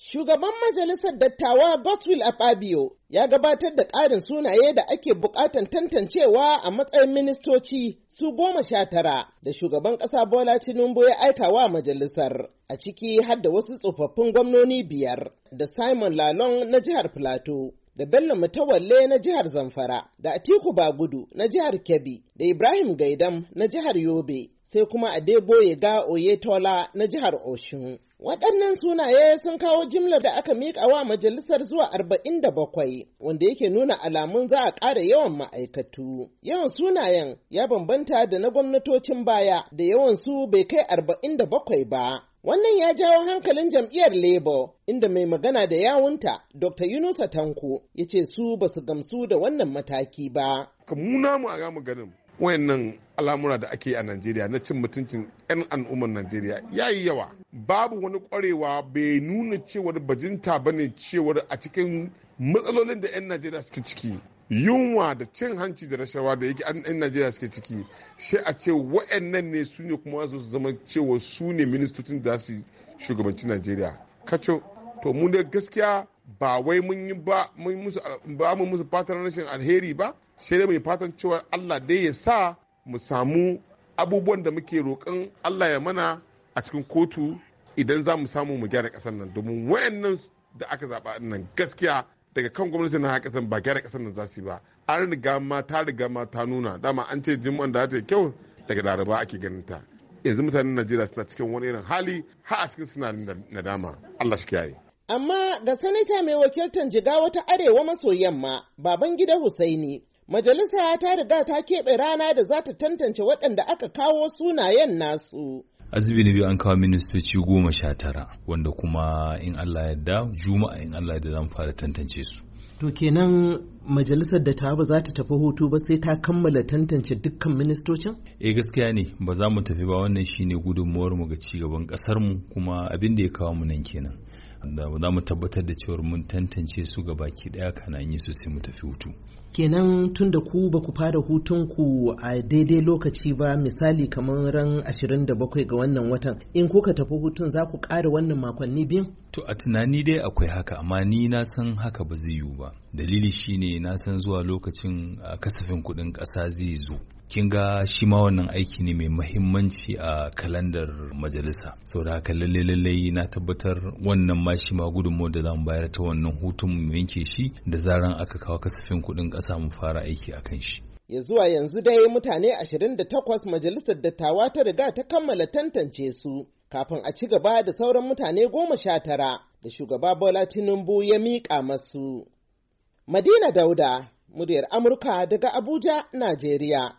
Shugaban Majalisar Dattawa Godswill Akpabio ya gabatar da ƙarin sunaye da ake buƙatan tantancewa a matsayin ministoci su goma sha tara da shugaban ƙasa Bola Tinubu ya aikawa wa majalisar a ciki har da wasu tsofaffin gwamnoni biyar da Simon Lalong na jihar Plateau. da Bello Mutawalle na jihar Zamfara, da Atiku Bagudu na jihar Kebbi, da Ibrahim Gaidam na jihar Yobe, sai kuma ga Oyetola na jihar Oshun. Waɗannan sunaye sun kawo jimlar da aka miƙa wa majalisar zuwa arba'in da bakwai, wanda yake nuna alamun za a ƙara yawan ma'aikatu. Yawan sunayen ya bambanta da na gwamnatocin baya da yawan su bai kai arba'in da bakwai ba. Wannan ya jawo hankalin jam'iyyar Labour inda mai magana da yawunta Dr. Yunusa Tanko ya ce su ba su gamsu da wannan mataki ba. Kamuna mu a gamu wayannan al'amura da ake yi a Najeriya na cin mutuncin 'yan al'ummar Najeriya ya yi yawa. babu wani kwarewa bai nuna cewar bajinta ba ne cewar a cikin matsalolin da 'yan najeriya suke ciki yunwa da cin hanci da rashawa da yake an najeriya suke ciki sai a ce wa'annan ne su ne kuma su zama cewa su ne ministocin da su shugabanci najeriya kacho to mu da gaskiya ba wai mun yi ba mun musu ba mu musu fatan rashin alheri ba sai dai yi fatan cewa Allah dai ya sa mu samu abubuwan da muke roƙon Allah ya mana a cikin kotu idan za mu samu mu gyara ƙasar nan domin wayannan da aka zaɓa nan gaskiya daga kan gwamnati na ƙasar ba gyara ƙasar nan za su yi ba an riga ma ta riga ma ta nuna dama an ce jimman da ta yi kyau daga laraba ake ganin ta yanzu mutanen najeriya suna cikin wani irin hali har a cikin suna nadama allah shi kiyaye amma ga sanata mai wakiltar jigawa ta arewa maso yamma baban gida husaini majalisa ta riga ta keɓe rana da za ta tantance waɗanda aka kawo sunayen nasu azumi na biyu an kawo ministoci goma sha tara wanda kuma in allah yadda juma'a in allah da zan fara tantance su to kenan majalisar da ta ba za ta tafi hutu ba sai ta kammala tantance dukkan ministocin? eh gaskiya ne ba za mu tafi ba wannan shine gudunmuwar mu ga ci gaban kasar mu kuma abin da ya kawo mu nan kenan za mu tabbatar da cewar mun tantance su ga baki daya kana yi su sai mu tafi hutu kenan tun da ku ba ku fara hutun ku a daidai lokaci ba misali kamar ran 27 ga wannan watan in kuka tafi hutun za ku ƙara wannan makonni biyun to a tunani dai akwai haka amma ni na san haka ba zai yiwu ba dalili shine na san zuwa lokacin kasafin kuɗin ƙasa zai zo kin ga shi ma wannan aiki ne mai mahimmanci a kalandar majalisa saboda haka lalle lalle na tabbatar wannan ma shi ma gudunmu da zamu bayar ta wannan hutun mu yanke shi da zaran aka kawo kasafin kuɗin ƙasa mu fara aiki a kan shi ya zuwa yanzu dai mutane ashirin da 28 majalisar dattawa ta riga ta kammala tantance su kafin a ci gaba da sauran mutane goma sha tara da shugaba Bola Tinubu ya miƙa masu. Madina Dauda, muryar Amurka daga Abuja, Najeriya.